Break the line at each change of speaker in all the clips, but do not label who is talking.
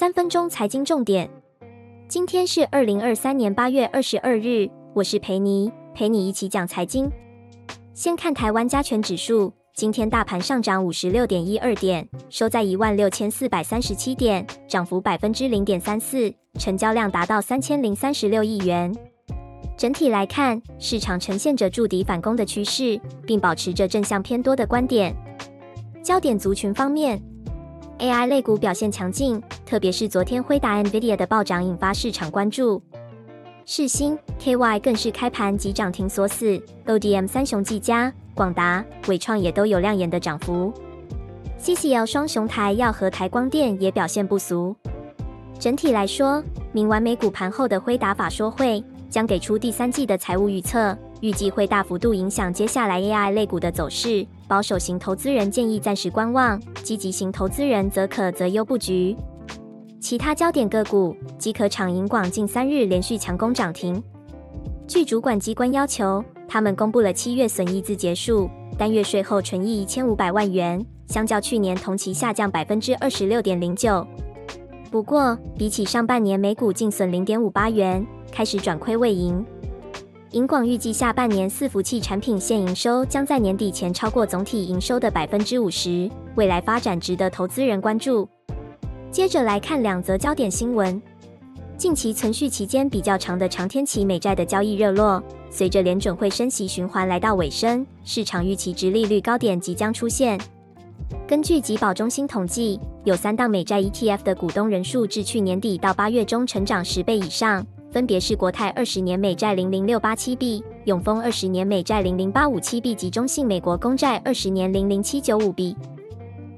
三分鐘財經重點，今天是二零二三年八月二十二日，我是裴妮，陪你一起講財經。先看台灣加權指數，今天大盤上漲五十六點一二點，收在一萬六千四百三十七點，漲幅百分之零點三四，成交量達到三千零三十六億元。整體來看，市場呈現着築底反攻的趨勢，並保持着正向偏多的觀點。焦點族群方面。AI 類股表現強勁，特別是昨天輝達、NVIDIA 的暴漲引發市場關注。世芯、KY 更是開盤即漲停鎖死。ODM 三雄技嘉、廣達、緯創也都有亮眼的漲幅。CCL 雙雄台燿和台光電也表現不俗。整體來說，明晚美股盤後的輝達法說會將給出第三季的財務預測。預計會大幅度影響接下來 AI 類股的走勢，保守型投資人建議暫時觀望，積極型投資人則可擇優布局。其他焦點個股，機殼廠迎廣近三日連續強攻漲停。據主管機關要求，他們公布了七月損益自結數，單月稅後純益一千五百萬元，相較去年同期下降百分之二十六點零九。不過，比起上半年每股淨損零點五八元，開始轉虧為盈。迎廣預計下半年伺服器產品線營收將在年底前超過總體營收的百分之五十，未來發展值得投資人關注。接着來看兩則焦點新聞。近期存續期間比較長的長天期美債的交易熱絡，隨着聯準會升息循環來到尾聲，市場預期殖利率高點即將出現。根據集保中心統計，有三檔美債 ETF 的股東人數至去年底到八月中成長十倍以上。分別是國泰二十年美債零零六八七 B、永豐二十年美債零零八五七 B 及中信美國公債二十年零零七九五 B，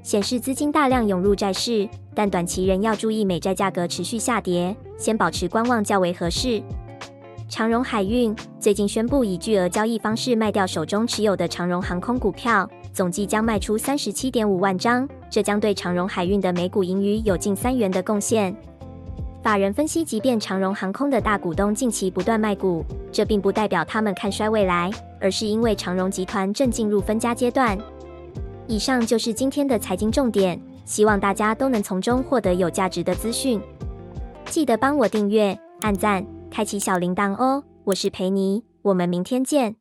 顯示資金大量湧入債市，但短期仍要注意美債價格持續下跌，先保持觀望較為合適。長榮海運最近宣布以巨額交易方式賣掉手中持有的長榮航空股票，總計將賣出三十七點五萬張，這將對長榮海運的每股盈餘有近三元的貢獻。法人分析，即便長榮航空的大股東近期不斷賣股，這並不代表他們看衰未來，而是因為長榮集團正進入分家階段。以上就是今天的財經重點，希望大家都能從中獲得有價值的資訊。記得幫我訂閱、按讚、開啟小鈴鐺哦！我是裴妮，我們明天見。